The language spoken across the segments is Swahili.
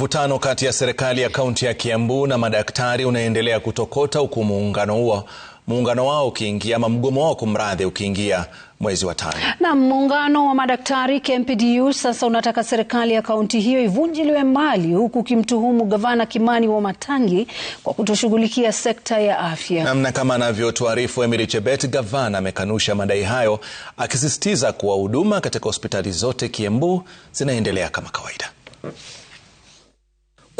Mvutano kati ya serikali ya kaunti ya Kiambu na madaktari unaendelea kutokota huku muungano huo muungano wao ukiingia ama mgomo wao kumradhi ukiingia mwezi wa tano. Na muungano wa madaktari KMPDU sasa unataka serikali ya kaunti hiyo ivunjiliwe mbali huku ukimtuhumu gavana Kimani wa matangi kwa kutoshughulikia sekta ya afya. Namna kama anavyotuarifu Emily Chebet, gavana amekanusha madai hayo akisisitiza kuwa huduma katika hospitali zote Kiambu zinaendelea kama kawaida.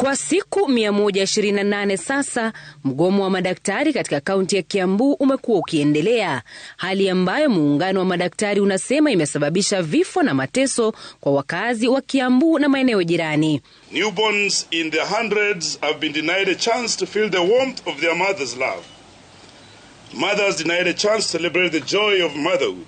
Kwa siku 128 sasa, mgomo wa madaktari katika kaunti ya Kiambu umekuwa ukiendelea, hali ambayo muungano wa madaktari unasema imesababisha vifo na mateso kwa wakazi wa Kiambu na maeneo jirani. Newborns in their hundreds have been denied a chance to feel the warmth of their mother's love. Mothers denied a chance to celebrate the joy of motherhood.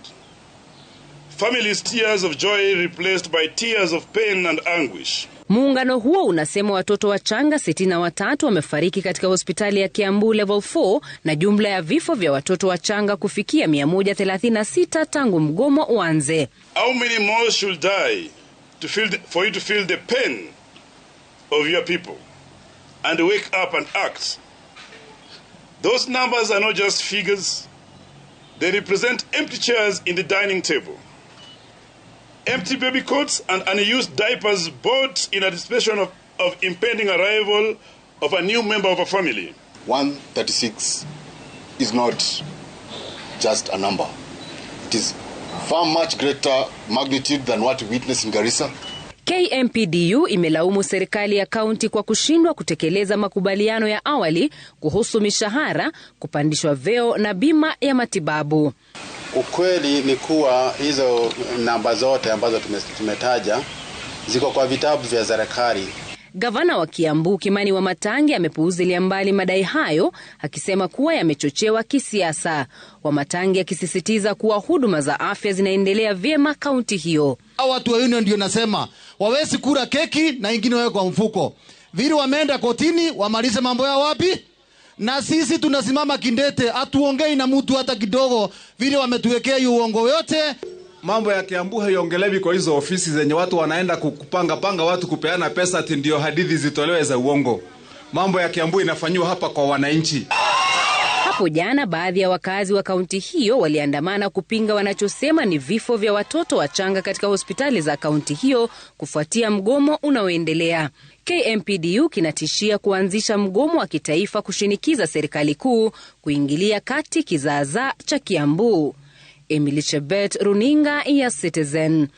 Families' tears of joy replaced by tears of pain and anguish. Muungano huo unasema watoto wachanga 63 wamefariki katika hospitali ya Kiambu level 4 na jumla ya vifo vya watoto wachanga kufikia 136 tangu mgomo uanze. How many more should die to feel the, for you to feel the pain of your people and wake up and act? Those numbers are not just figures. They represent empty chairs in the dining table empty baby coats and unused diapers, bought in anticipation of, of impending arrival of a new member of a family. 136 is not just a number. It is far much greater magnitude than what we witness in Garissa. KMPDU imelaumu serikali ya kaunti kwa kushindwa kutekeleza makubaliano ya awali kuhusu mishahara, kupandishwa veo na bima ya matibabu. Ukweli ni kuwa hizo namba zote ambazo tumetaja ziko kwa vitabu vya serikali. Gavana wa Kiambu Kimani Wamatangi amepuuzilia mbali madai hayo akisema kuwa yamechochewa kisiasa. Wamatangi akisisitiza kuwa huduma za afya zinaendelea vyema kaunti hiyo. Watu wa union ndio nasema wawezi kura keki na ingine wawe kwa mfuko vili, wameenda kotini wamalize mambo yao wapi? na sisi tunasimama kindete, hatuongei na mtu hata kidogo, vile wametuwekea hiyo uongo yote. Mambo ya Kiambu haiongelewi kwa hizo ofisi zenye watu wanaenda kupanga panga watu kupeana pesa, ati ndio hadithi zitolewe za uongo. Mambo ya Kiambu inafanyiwa hapa kwa wananchi. Hapo jana baadhi ya wakazi wa kaunti hiyo waliandamana kupinga wanachosema ni vifo vya watoto wachanga katika hospitali za kaunti hiyo kufuatia mgomo unaoendelea. KMPDU kinatishia kuanzisha mgomo wa kitaifa kushinikiza serikali kuu kuingilia kati kizaazaa cha Kiambu. Emily Chebet, runinga ya Citizen.